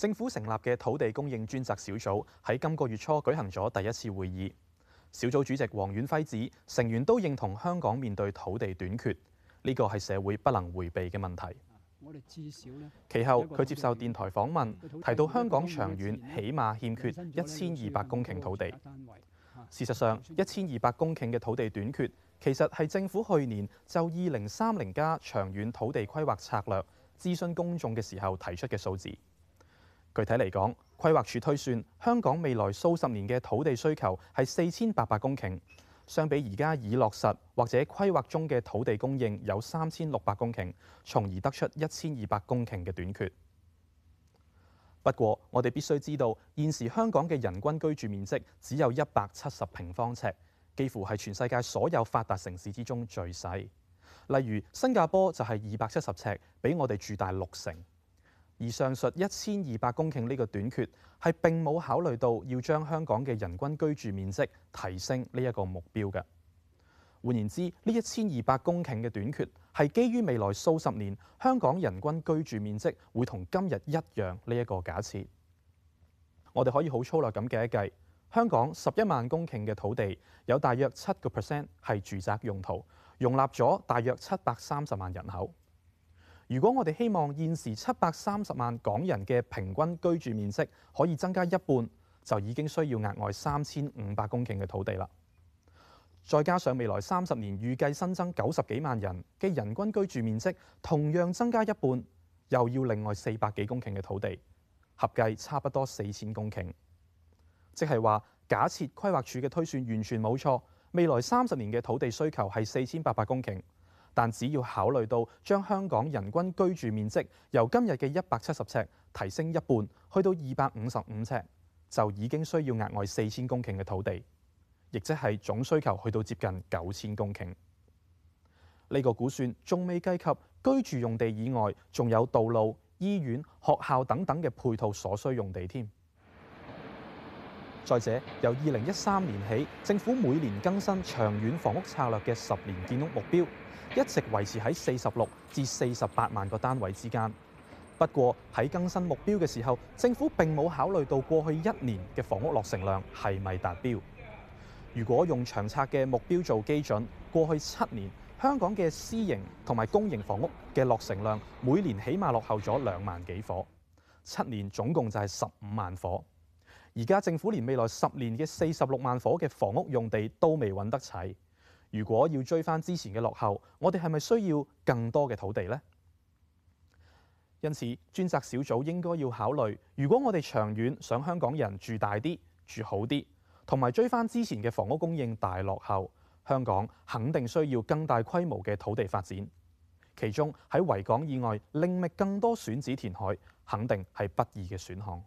政府成立嘅土地供應專責小組喺今個月初舉行咗第一次會議。小組主席黃遠輝指，成員都認同香港面對土地短缺，呢個係社會不能迴避嘅問題。其後佢接受電台訪問，提到香港長遠起碼欠缺一千二百公頃土地。事實上，一千二百公頃嘅土地短缺其實係政府去年就二零三零加長遠土地規劃策略諮詢公眾嘅時候提出嘅數字。具體嚟講，規劃署推算香港未來數十年嘅土地需求係四千八百公頃，相比而家已落實或者規劃中嘅土地供應有三千六百公頃，從而得出一千二百公頃嘅短缺。不過，我哋必須知道現時香港嘅人均居住面積只有一百七十平方尺，幾乎係全世界所有發達城市之中最細。例如新加坡就係二百七十尺，比我哋住大六成。而上述一千二百公頃呢個短缺係並冇考慮到要將香港嘅人均居住面積提升呢一個目標嘅。換言之，呢一千二百公頃嘅短缺係基於未來數十年香港人均居住面積會同今日一樣呢一個假設。我哋可以好粗略咁計一計，香港十一萬公頃嘅土地有大約七個 percent 係住宅用途，容納咗大約七百三十萬人口。如果我哋希望現時七百三十萬港人嘅平均居住面積可以增加一半，就已經需要額外三千五百公頃嘅土地啦。再加上未來三十年預計新增九十幾萬人嘅人均居住面積同樣增加一半，又要另外四百幾公頃嘅土地，合計差不多四千公頃。即係話，假設規劃署嘅推算完全冇錯，未來三十年嘅土地需求係四千八百公頃。但只要考慮到將香港人均居住面積由今日嘅一百七十尺提升一半，去到二百五十五尺，就已經需要額外四千公頃嘅土地，亦即係總需求去到接近九千公頃。呢個估算仲未計及居住用地以外，仲有道路、醫院、學校等等嘅配套所需用地添。再者，由二零一三年起，政府每年更新長遠房屋策略嘅十年建屋目標，一直維持喺四十六至四十八萬個單位之間。不過喺更新目標嘅時候，政府並冇考慮到過去一年嘅房屋落成量係咪達標。如果用長策嘅目標做基準，過去七年香港嘅私營同埋公營房屋嘅落成量，每年起碼落後咗兩萬幾伙，七年總共就係十五萬伙。而家政府連未來十年嘅四十六萬伙嘅房屋用地都未揾得齊。如果要追翻之前嘅落後，我哋係咪需要更多嘅土地呢？因此，專責小組應該要考慮，如果我哋長遠想香港人住大啲、住好啲，同埋追翻之前嘅房屋供應大落後，香港肯定需要更大規模嘅土地發展。其中喺維港以外另覓更多選址填海，肯定係不易嘅選項。